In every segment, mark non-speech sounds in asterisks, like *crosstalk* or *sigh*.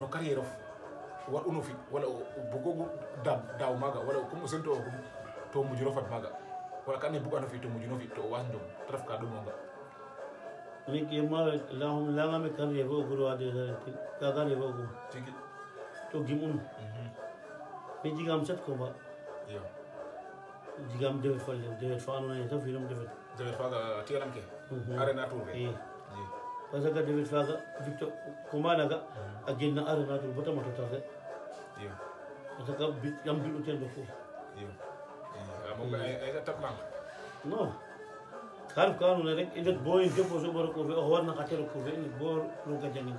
no carriére of waɗuno fi walla bogogu daw maga wala comme o sento okum to mujuno fat maga wala walla kaanne bugano fi to mujuno fi to o wasdom te ref ka ɗumonga mi ma lahum langame kan rewo guro ade kaga rewo gum tigi to gimun mhm. mi jigam set ko ba yo jigam dewet falle dewet fa anona ta finom dewet dewet faga tiyaram ke mhm. arena tour ke فزكا ديفيد فاغا فيكتور كوماناغا اجينا ارنا دول بوتا موتو تاغا يو زكا بيت يام بيلو تيل بكو يو مو اي تطلع نو خارف كانوا نريك إن بوين جبوا زبر كوفي أو هو نقاتل كوفي إن بور لوكا جنين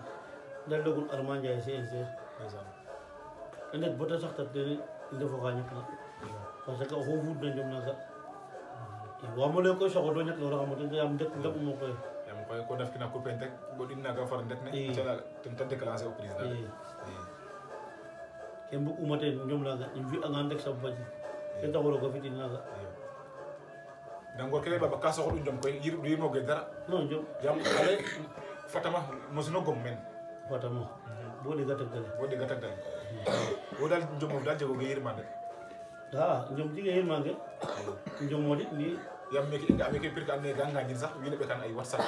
دلوكو أرمان جاي سين سين إن بوتا سخت تدين إن فوقا نكنا parce que ho fu dan jom naga wa mo le ko so ko do nyak lo ra mo te am dek ngap mo ko pay ko def kina coupe tek godin naga far det ne cala tum tan au président ken bu umate ñom la ñim fi angan tek sa baji ken taxolo ko fitin la dangor kele baba kaso ko ñom koy yir du mo dara non ñom jam ale fatama mosino gom men fatama bo de gatak dal bo dal bo dal ñom dal jago ge mande da ñom di ge mande ñom modit ni yammeke en ameke pirka anne gangañin sah wiino ɓe tan ay whatsapp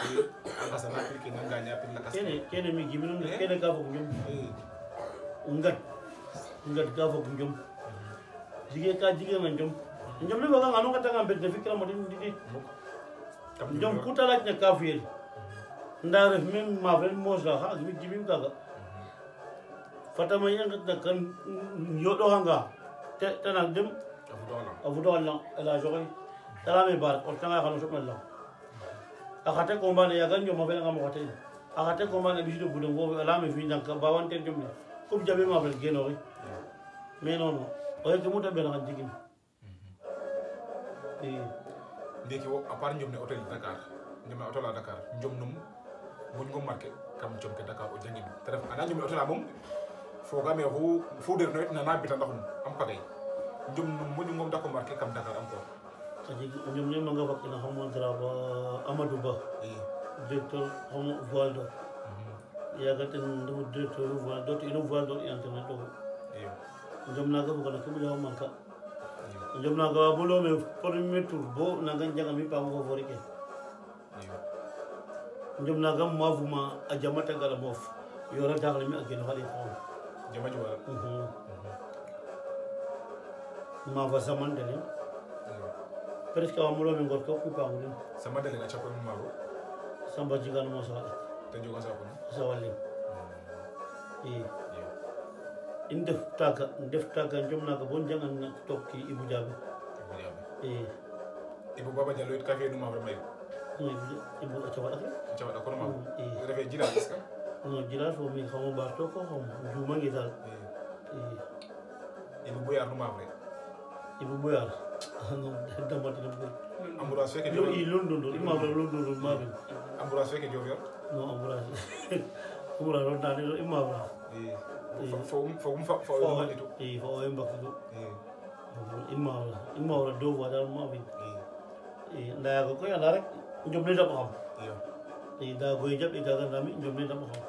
alkasana pirke gangaña kene kene mi jimi noon eh? kene ga fof jom eh. ngat ngat ga fof jom jigue ka jiguema jom jom ne waga ngano gattanga bedde fikkiramo ten ɗiɗi jom kutalajna kafuyel nda ref même mafen mosla xa agimi jimim kaga mhm. fatama i ngatna kan yoɗoxanga tena dem a fudoxalna a fudoxalna elage kalame bar ortanga khano shukna Allah akhate kombane yagan mo mabel ngam khate akhate kombane bisu budu go alame fi ndank bawan ten jumle kum jabe mabel geno ri me non no o ke muta be ngan jigin mm-hmm. eh ndeki wo a part jomne hotel Dakar jomne hotel Dakar jomnum buñ ko marqué kam jomke Dakar o jangin te ref ana jomne hotel mom fogame fu fu der no nana bitan ndaxum am pagay jomnum buñ ngom dako marqué kam Dakar am ko aji ñoom ñoom nga wakk na xamoo draba amadou ba directeur iya. xamoo voile mhm. d'or yagaten ndu directeur itu d'or ino voile d'or internet iya. ɗo ñoom naga bugana ke ɓuƴa manka ñoom iya. naga wa me premier turbo, naga jaga mi pamo favori ke ñoom naga mavuma a jamata gala mof yora daxle mi a gen xale xaw jama jowara mhm. mhm. mafa samandene presque awamulo min gorko kupaguɗum samba dalega capanɗu mago samba jiganmo saala te jogo sakono sa wallim i in deftaka deftaka jomnaka bon jangan tokki ibu jaɓe i ibu iya. baba kafe ka feɗuma vraiment ibu ibu cawaɗake cawaɗa kono ma refe jira Ibu ce que non jira fo min xamo mbarto ko xam jumangi dal ya? ibu boyar numa vrai ibu boyar Ambourage fekk Diofior i London ɗum mawɗo London ɗum maɓe Ambourage fekk Diofior non Ambourage Ambourage ɗon daande ɗo imma bra fowmaɗi to eyi fo oye mbakka to immawra immawra dow waɗan maɓen eyi dayago koye ala rek jomnida ɓo kam eyi dayagoye jaɓɓi gagandami jomnida ɓo kam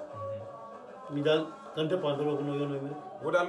mi dal tan dépendorogo no yonomi rek woɗal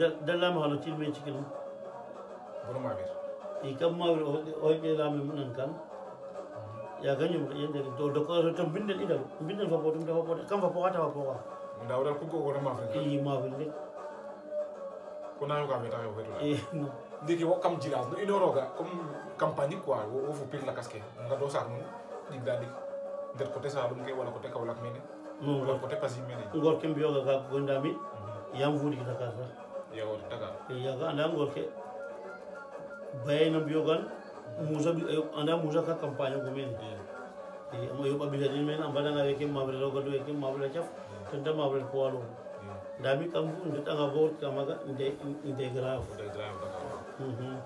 دلام هالو تيل مين تكلم بنو معبر يكم ما بر أوي بيلام من أنكان يا غني يندي دو دكتور تم بندل إيدا بندل فبوت من فبوت كم فبوت هذا فبوت من داود الكوكو ولا ما في إيه ما في لك كنا يوكا بيتا يوكا إيه ndiki wo kam jiras no inoroga comme campagne quoi wo fu pil la casque nga do sax non dig da dig der côté salum ke wala côté kawlak mene wala côté pasi mene ngor kim bioga ga gondami yam vudi da kasa yagor taka yaga anda ngor ke bayna biogan musa bi anda musa ka kampanya gumen mo yoba bi hadin men ambana na ke mabre ro gadu ke mabre chaf tanda mabre poalo dami kam ndu tanga bor kamaga inde inde graf inde graf mhm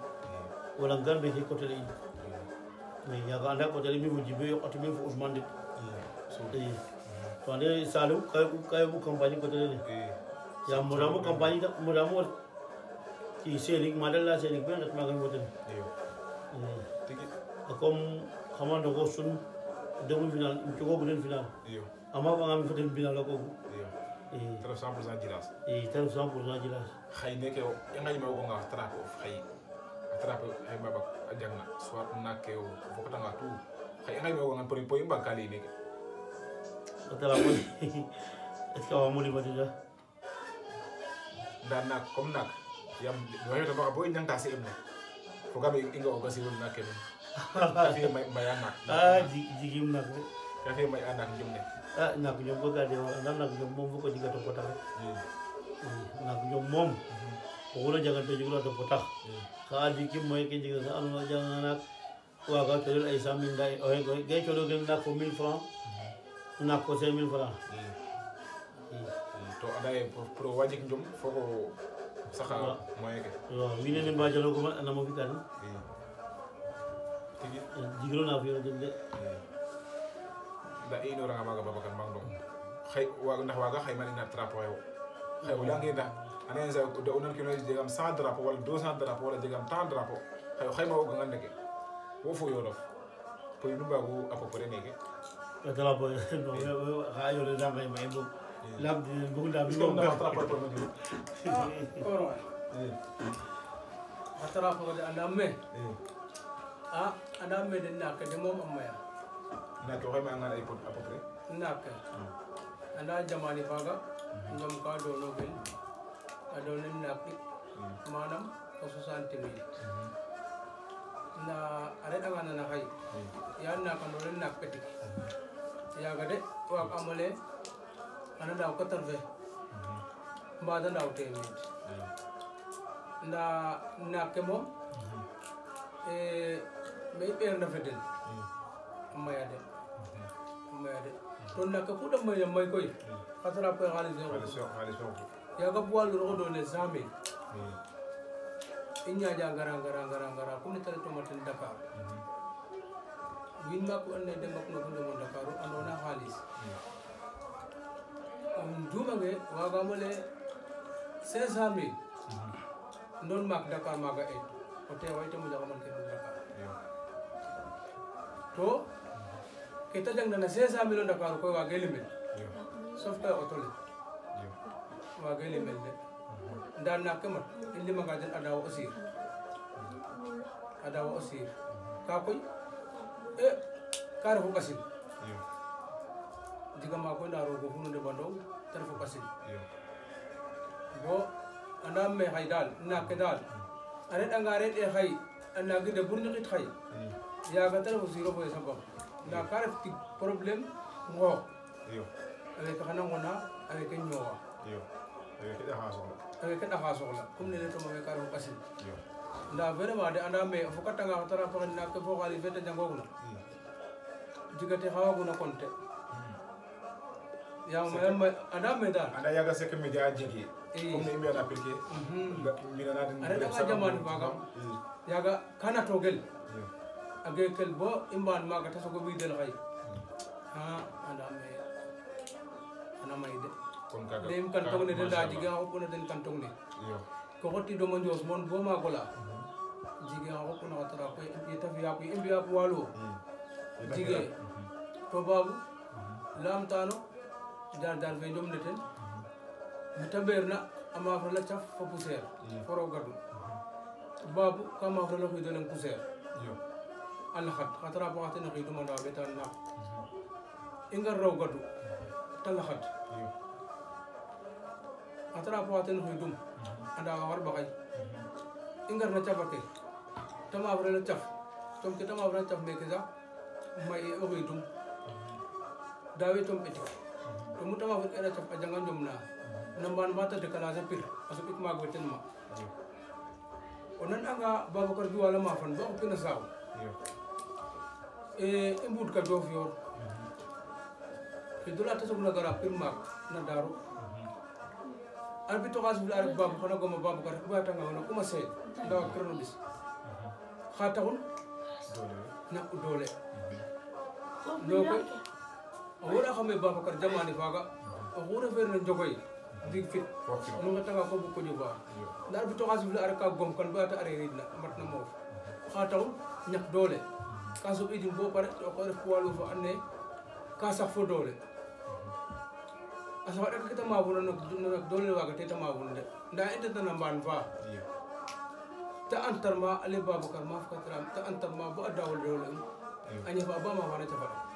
wala ngal be ko tele ni yaga anda ko tele mi wujibe yo atumi fu usman dit so to ande salu kay kay bu kampanya ko tele ni Ya mulamu kampanye tak mulamu iselik lah selik iya. hmm. pun tak makan boten. Iyo. Akom kaman dogo sun dogo final cukup bulan final. Iyo. Ama kami boten final aku. Iya. iya Terus sampul saja jelas. Iya terus sampul saja jelas. Khay neke yang ngaji mau kong atrap khay atrap khay babak jangan suat nakeo fokutan ngatu yang ngaji mau kong poin poin kali ini. Atrap pun. Atkawa muli mati dah. daan nak comme nak yam wayota maka bo nangta se'em ne fogame i nga'ooga siwol naak kene ka fi'e ah, jigim naak de ah, hmm. hmm. hmm. ka fi'e may'a naak jom ne naak jom koy ka dewa anda naak jom moom fook o a topo tax a jom moom oxu na jangan to jegula topo tax ka jikim moye ke jega sa naak waaga cooxel ay cent mille nda oxe koy ge cooxoogel naak fo mille franc naak ko cinq to adaye pour wajik njom foko saka moyen ke ya. waaw mi ne ba jalo ko man mo fi kan iya. tigi ya, jigro na fi de da ra maga bang dong khay wa ndax waga khay man na trapo yo khay hmm. wala ngi da ana sa da onan kilo jegam 100 drapo wala 200 drapo wala jegam 10 drapo khay khay ma wo ngande ke wo fo yo dof ko yimba go apopore nege drapo no Lab bugul abi mo na atrapa ko na dito. Oro. da anamme. Ah, anamme din na ka demo amma ya. Na to kay mga na ipot apo pre. Ana jamani baga. Ngam ka do no gel. Manam kosusan timi. Na are da ngana na kai. Yan na do Ya gade wa kamole. ana ndaw quatre-vingt mbaa da ndaw téeméer ndaa naak ke moom me i ɓeerna fo den maya de maya de to naak ku da maya may koy xa koy xaalis yaaga bo walur xo doone cent i ñaaƴa ngara ngara ngara ngara ne ta retuma ten Dakar wiin maak we andoona yee den mbak no fo ndeemo Dakaru andoona xaalis हम ढूंढेंगे वहाँ का non mak daka maga e o te way to ke non daka to kita jang dana sesa non daka ko wa softa software tole wa gelimel de dan nak kemat illi maga jan ada wa ada wa osir ka koy e kar ho kasim tiga ma ko ndaro go hunu de bando tar fo kasi bo anam me haidal na kedal ane dangare de hay anagi de burni qit hay hmm. ya ga tar fo zero fo sabo na hmm. karef ti problem ngo yo ale ka hanan ngona ale ke wa yo ale ke da hasola ale ke da la kum ne to me karo kasi yo nda ma de anda me fo katanga tara fo na ke fo khali jangogula hmm. Jika tehawa guna konte ada meda ada yaga sek media jigi comme ni mbena pirke mina na din ada daga jaman baga yaga kana togel age kel bo imban maga taso go bidel kay ha ada me ana mai de kon kaga dem kan togne de da jigi ha ko den kan togne ko hoti do mo jos mon bo ma gola jigi ha ko na tara ko e tafi ya ko e biya ko walo jigi to babu lam tano dar dar fe dom neten mi na am fa la taf fa pousser foro gadu babu kama fa la koy donen pousser yo al khat khatra ba tan xey duma ndaw betan na inga raw gadu tal khat yo khatra ba tan xey dum anda war ba kay inga na chafate tama fa la taf tom ke tama fa la chaf me ke za mai o xey dum dawe tom etik kamu ma fut era chap ajanga dumna namban mata de kala sapir asuk ik mag wetel ma onan anga baba kar gi wala ma fan ba ko na saw e embut ka dof yor idula ta sugna gara pir mak na daru arbito gas bular baba kana goma baba kar ba ta ngona kuma se da krono bis khataun na dole no wona xame babacar jamani faga oxu refeerna njogoy ndig fit nu ngetanga ko bug ko ƴufa nda arbito xa sifle a reka gom kan baya nyak a reridna matna moof xa taxu ñak doole ka soɓidin bo pare ko ref poilu fa and naye ka sax fo doole a saxa ɗaka kete maafuna nak doole waaga te te maafuna de nda i ndetana mbaan faa ta antar ma ale babacar maaf fakatram ta antar ma bo a daawol doole um a ma ba ta cafara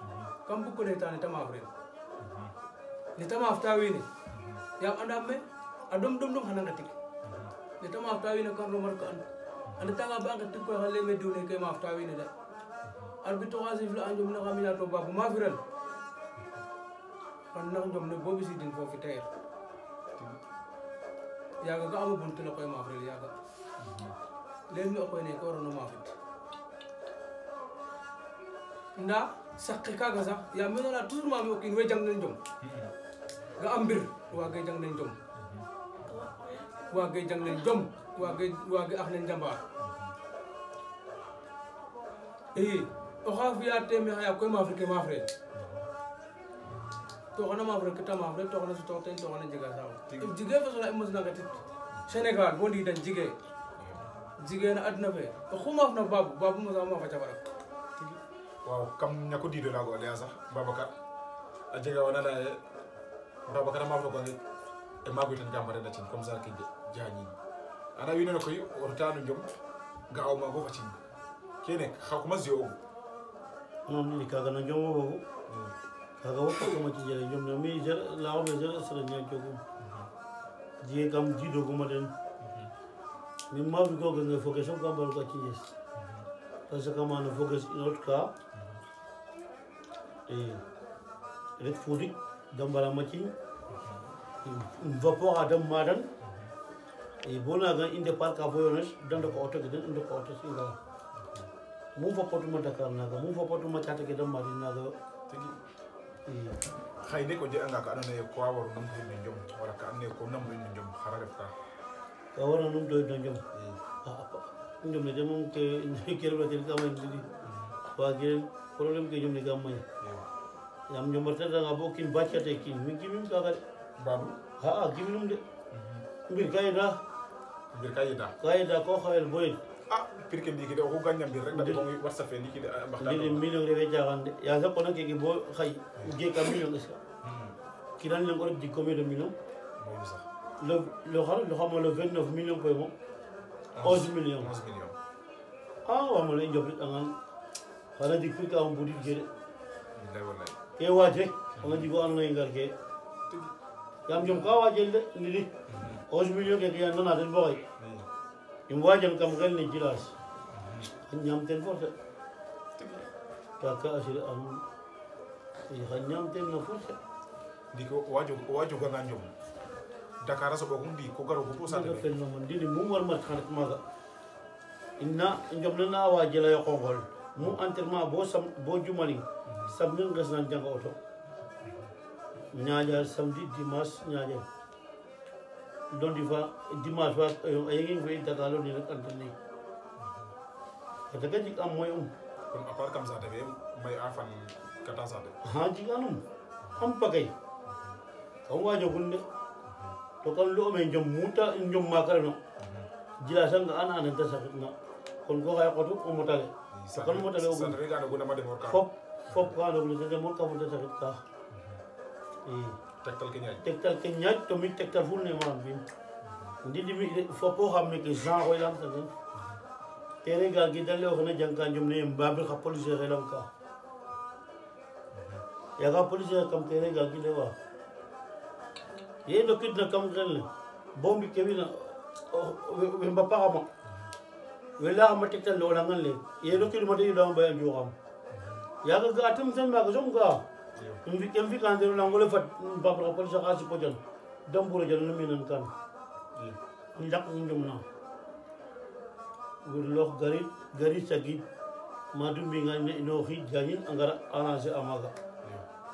kam bukko ne tane tamaaf ren ne tamaaf ta wene yam andam me adom dom dom hananga tik ne tamaaf ta wene kan romar ko an anda tanga ba anga tik ko halle me dune ke maaf ta wene da arbito wazi fil anjum na kamina to babu maafiral kan nak jom ne bobi si din fofu tayr yaga ga amu buntu la koy maafiral yaga len mi okoy ne ko rono maafit nda sakki kaga sax yaa mi noona toujours jang nen jom ga a mbir waage jang nen jom waage jang nen jom waage waage ax nen njambaar i koy maaf reke maaf re toxana maaf reke ta maaf re toxana sutoox i mos nanga tit Sénégal bo ndiitan jige jige na adna fe oxu maaf na babu babu mosa maafa cafarak waaw kam ñako didolago leya sax Babacar a jega wana leya ye a maaf rokonge e maago ka mbare na cin comme ça ke jañin anda wiin wene o reta no ga o maago fa cin kene xa kuma sio ogu non i kaga no Njom o fogu hmm. kaga wo pakama ci jele Njom hmm. hmm. parce que maana foges in autre ret fudik dambara makin vapor adam madan e bona gan inde parka voyones dan ko auto gidan inde ko auto singa mu fa potu ma dakar naga mu fa potu ma chata gidan mari naga hayde ko je anga ka adana e ko awor num de min jom wala ka anne ko nam min jom harare fa ka wara num do do jom ndum ne jom ke kero ba tel ka ma ndidi wa gel problem ke jom ne gamma yam jombatetanga bo kin baccate kin min gimim kaga de babu aa giminum de mbir ka yida mbir ka yida ko xawel boyid a ah, pir ke ndiki de oxu ga ñambir rek ndax de ah, mbaxtaandidi million refe xay geeka million est ce que kinan o ret jik combien de million le le xamo le 29 million koy moom 11 million a ah, wamo le i njobrit'angan xana jik pir ka o mbudid e waate ona jigo anu yee ke yaam jom ka waajel de ndidi onze million ke xiya nana ten fo xey im waajang kam xel ne jirage a ñaam ten force kaka asir anum xa ñaam ten na force ndiki owa joganga njom dakar a soɓogu mbi ko garo xupu satefelnoma ndini mum war mat xanet maaga ina njom nana a waajela yoqongol mu entraînement boo sam boo jumali samedi ngas nan janga oto ñaajal samedi dimanche ñaajal donc il dimanche fa ayengi fe dakalo ni rek entraîné kata ka jik am moy kam saate fe may a fan kata kam wajogun de ah, mhm. to kam lo me jom muta jom makarano jila sanga an ananta kon ko kay qotu ko sakal mo tale ugun sakal ga guna ma demor ka fop fop ka do le de mol ka mo de sakit ka e tektal ke nyaaj tektal ke nyaaj to mi tektal ful ne ma bim ndi di mi fopo xam ne ke jean ko yam tan tere ga gi dal lo xone jang ka jum ne mbab ka police relam ka ya ga police kam tere ga gi lewa ye do kid na kam gel bombi kebina we mbapa ma wela ma tekta lo la ngale ye no mati mate lo bayam yo kam ya ga ga tum san ma ga jom ga kem vi kan de lo ngole fat ba ba ko si ko dam buru jon no minan kan ni jak ni jom na gur gari gari sagi madum bi nga ino hi jani angara anase amaga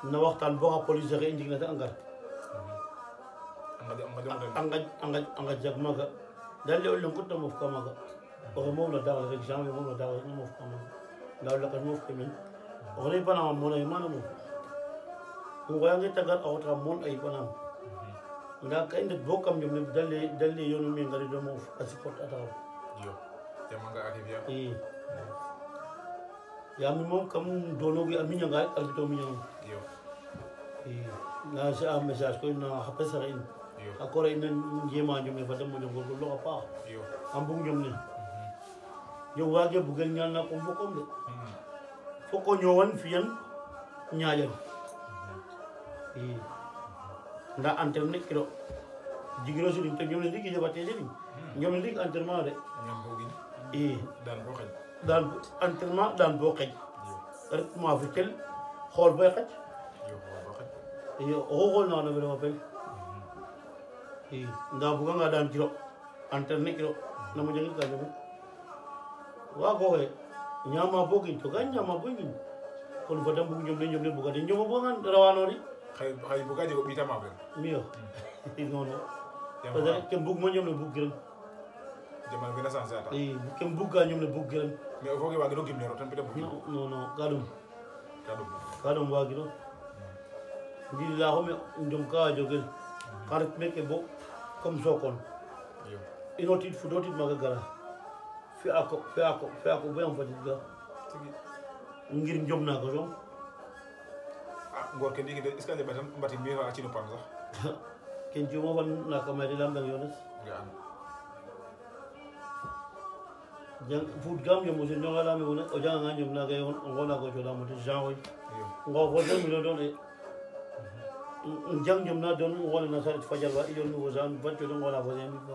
na waxtan bo police ga indi na ta angara angaj angaj angaj angaj jag maga dalle ulun kutta maga Ormona dar rek jam yo mona dar no mof kam. Na la kan mof kemi. Ore pa na mona e mana mo. Ku ga ngi ta gar autra mon ay pa na. Nga ka inda bokam yo mi dalle dalle yo no mi ngari do mof asi pot ata. Yo. Te manga ari bia. I. Ya mi mom kam do no gi aminya ga ar bito minya. Yo. I. Na sa a mesas ko na hapesa rein. Yo. Akore inen yema jo mi fatam mo jo gogol lo apa. Yo. Ambung jo mi. Yo yo wage bugel ñal na ko fokom de foko ñowan fiyan ñaajal i nda antem ne kiro jigiro sulim te ñom ne digi jabate jeli ñom ne dig enterrement de ñom bogi i dan bo xej dan entraînement dan bo xej iya. rek ma fu tel xol boy xej yo xol na na vraiment pel i nda buga nga dan kiro antem ne kiro na mo ka jabate wakohe nyama pokin to kan nyama pokin kon fota mbugu ñom le ñom le bugade ñom bo ngan rawanori hay hay bugade ko bitama ben miyo nono parce que kem bug mo ñom le bug gërem jamal bi na sans ata e kem bug ga ñom le bug gërem mais o fogi wagi do gimne ro tan bidam non non gadum gadum gadum wagi do ngilla hmm. ho me ndum ka jogel hmm. karat meke bo comme sokon inotit fudotit maga gara fi'a ko fi'a ko fi'a ko bu yam fatit ga ngir njom na ko dom ah, gor ken digi est ce que batam mbati mi ci no pan sax *laughs* ken juma wan na ko mari lam dang yones ya. jang food gam yo mo je nyonga lam yo o jang nga nyom na ga yon ngo na ko jola mo te jaoy ngo ko dem mi do ne jang nyom e. na don ngo na sa fajar wa iyon mo zam ban to ngo la ko zam ba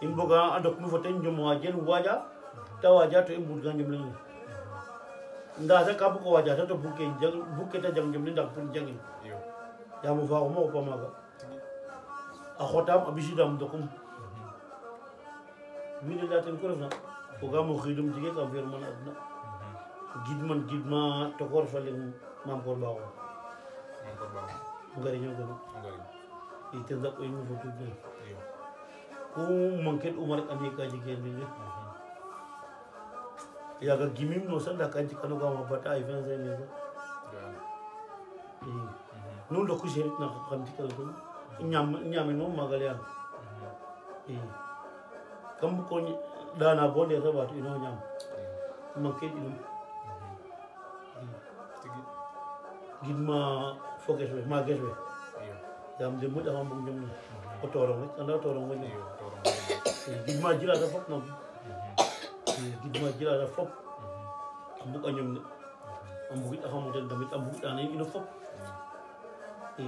in ga adok mu foten jom wajen waja ta waja to in ga jom lengi nda ta kabu ko waja ta to buke jang buke ta jang jom lengi pun jangi ya mu fa mo ko maga a khotam abishidam dokum mini latin ko na ko ga mo khidum jige ka ver man adna gidman gidma to kor falim mam kor bawo mam kor bawo ngari nyogam ngari itenda ko imu fotu ku mungkin umar kami kaji kini ya ya kalau gimim no san da kan ji kanu ga ma bata ai fan sai ne ba nun ku sherit na kan ti kalu nyam nyam no magalya eh kam ko dana bonde sabat ino nyam mungkin ino gimma focus we ma we iya. Jam de mu da hambung jom ni ko torong ni kan ni digma jilata fof noon digma jilata fof ambuka ñomne ambugiɗa famuden damit ambugiɗana ino fof e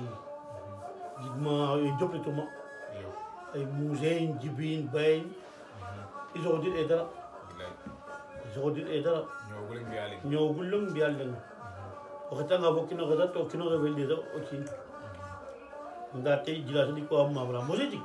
digma yo jopletoma ay musein jibin bayin isoxodil e dara isoxodil e dara ñogullong mbiyal leng o xetanga fo kino xeta to kino xefeldesa o ciin nda te jila sadi ko a mabra mose jik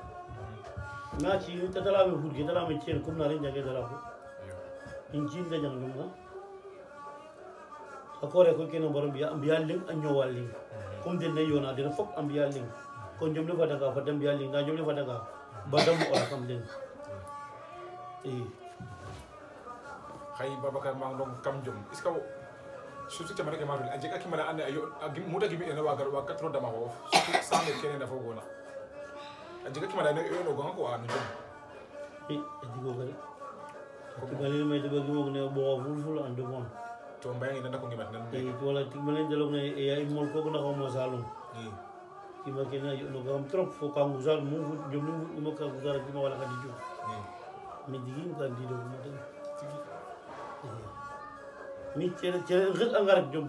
nga ci tatala be hurge tatala me chen kum nare jage dala ko injin da jang dunga akore ko kena borom biya ambiya ling anyo waling kum den ne yona den fok ambiya ling ko jomle fata ka fata ambiya ling na jomle fata ka badam ora kam den eh khay babakar mang dong kam jom iska surtout jamana ke marul a jega kimana ande ayo muta gibi ene wagar wa 4 dama hof surtout sambe kene na fogona ajika kimadani yono ganga ko anu jom eh ajiko gari kibali mai tiba gimo ne bo vulvul ando bon to mbay ngi nanda ko ngi batnan eh wala timbalen jalok ne ya imol ko na ko mo salum eh kima kena yono gam trop fo kam uzal mu jom mu mo ka uzal kima wala ka diju eh mi digin ka dido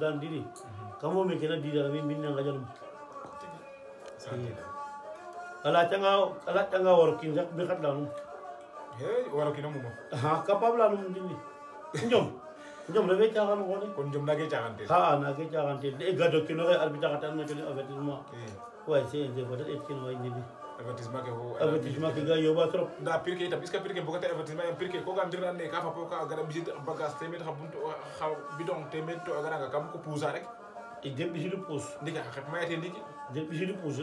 dan diri kamu mikirnya di dalam ini nang aja lu. Sakit ala tanga ala tanga waro kin dak bi khadla no he waro kin mo ha capable no ndini njom njom la ta kan ngone kon njom la ge ta kan te ha na ge ta kan te de ga do kin re arbita ka tan na ke oh, avertissement wa c'est de votre et kin wa ndini avertissement ke ho avertissement ke ga yoba trop da pire ke ta biska pire ke bogata avertissement en pire ke ko ga ndirna ne ka fa ko ka gara bijit bagas temet ha buntu ha bidon temet to gara ga kam ko pousa rek e debbi jilu pousse ndiga ha mayate ndigi debbi jilu pousse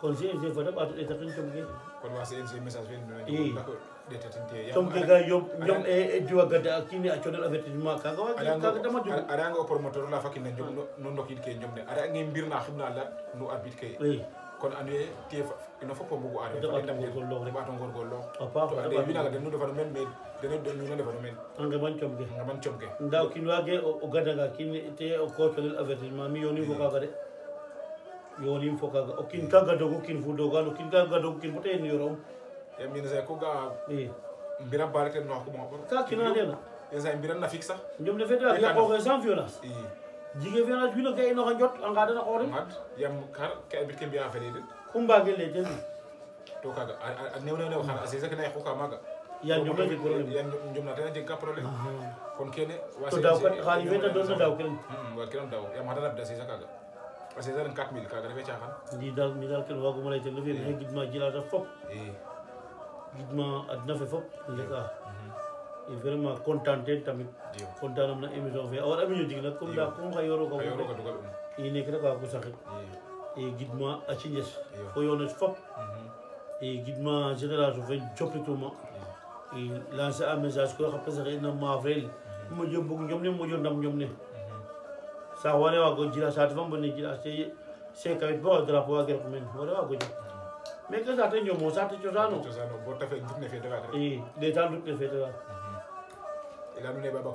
conseil je fata ɓato ɗeta ken comke kono wasa en ces message fen ya tinte comke ga yo yom e diwa gada kini a coɗal avertissement kaga kaga dama jom aɗa anga o promoteur la fakina jom no dokid ke ara aɗa mbir na xibna lat no arbitre ke kono anduye te ino fof o mbogu are papa gorgolloo to ande winaga den do fa men mais dene nuno fa men ban ge ngaman ban ngaman ge ndaw kin ge o gadanga kin te o ko cocolel avertissement mi yoni fo kaga de yorim fo kaga okin kaga dogo kin ga dogan kin kaga dogo kin ni yoro ya min sai kuga uh, e eh. bira barke no ko mo ka kina dena ya sai bira na fixa ñom na feta ya ko sans violence e eh. jige violence bi no kay no jot anga dana ko rim yam kar ka bi kin bi afali de kumba gele jeni to kaga a new new xana ke kay ko ka maga ya ñom na ci problème ya ñom na tan ci ka problème ah. kon kene wasi to daw kan xali feta do na daw ken hmm, wa kiram daw yam hada na da asisa kaga parce que ndi daal mi daal ken lay ten refe maxey gidma jilata fop eh. gidma adna fop ndeka eh. mm-hmm. vraiment content ten tamit content nam na émission fe a war mm-hmm. mm-hmm. a miño dig nag comme nda comme xa yorooga i neeke rek waago saxit e gidma a ciñes fo yones fop e gidma génération fe jopituma i lancer a message koy xa pesaxe ina maafel moƴo mbug ñom ne ndam ñom sa wanewa gojira sa tuvambone jira sekawit bo drapo wager kumen warewa goja mais que sate ñomo sate cosano ɗeta dutne fetewa ila nu neɓa ɓak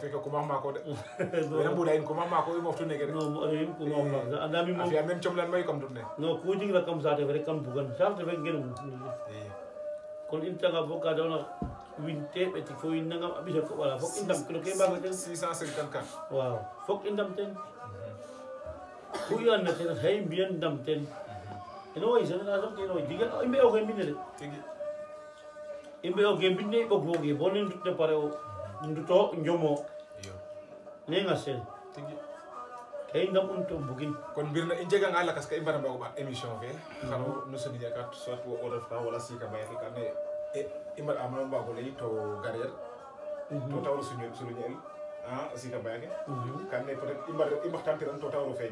saate fe rek kam bugan saate fe gen e. kon in tanga bo ka dawna win teɓe tik fo win nangam a ɓisa koɓala fok i ndam kilo ke mbaga ten 654 waaw huyan na ten hay bien dam ten eno isa na so ke no diga oh, imbe o gem binne imbe o gem binne ko boge bonin dutte pare o nduto njomo ne ngasel kay dam on to bugin kon birna in jega ngala kas ka imbara ba ba emission fe xaro no diga kat soit wo order wala sika bay ka ne e imbar amra ba ko to garer mhm. to tawru sunu sunu ñel eh. ah si bay eh? mhm. kan ne peut être imbar imbar tantiran to tawru feñ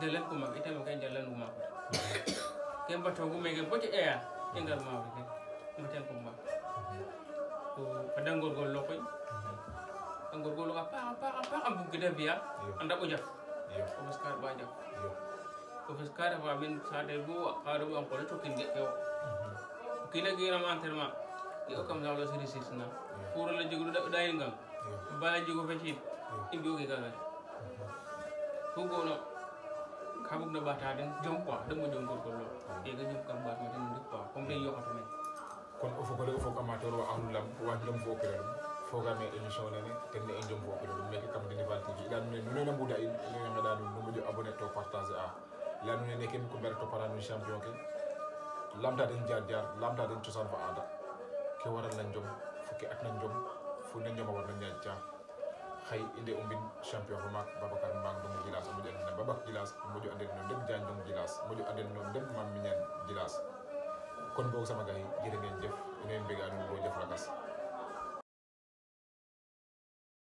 dalan kuma ita ma kan dalan kuma ko kan ba to gume kan bote daya engal ma ko mo tan kuma ko padan eh, ya, gitu. gor gol lokoi, an gol gol apa apa apa am bu gede anda ko jaf ko maskar ba jaf ko maskar ba min sade bu akaru an ko to kin ge ko kila gira ma anterma yo kam dawlo siri sisna Pura la jigru da dayingal bala jigo fecit imbi o ke kagal ko gono kabuk na bata den jom quoi den mo jom gorgollo ega ñom kam bat den ndik quoi comme kon o fogole o fog amateur o ahlu lam wa jom fo kere dum fogame émission e jom fo kere dum kam ne ngada a la nune ne kem ko ber to parano champion ke lamta den jar jar lamta den ciosan na jom fukki ak na jom fu na hay inde o mbin champion ko mak babacar mbagdomo gilas omoƴo andina babak gilas omoƴo anden no ndem diagne dom gilas omoƴo anden no ndem mam miñan gilas kon boog sama gay jërë ngeen jëf enen mbega nuun bo jëf lakas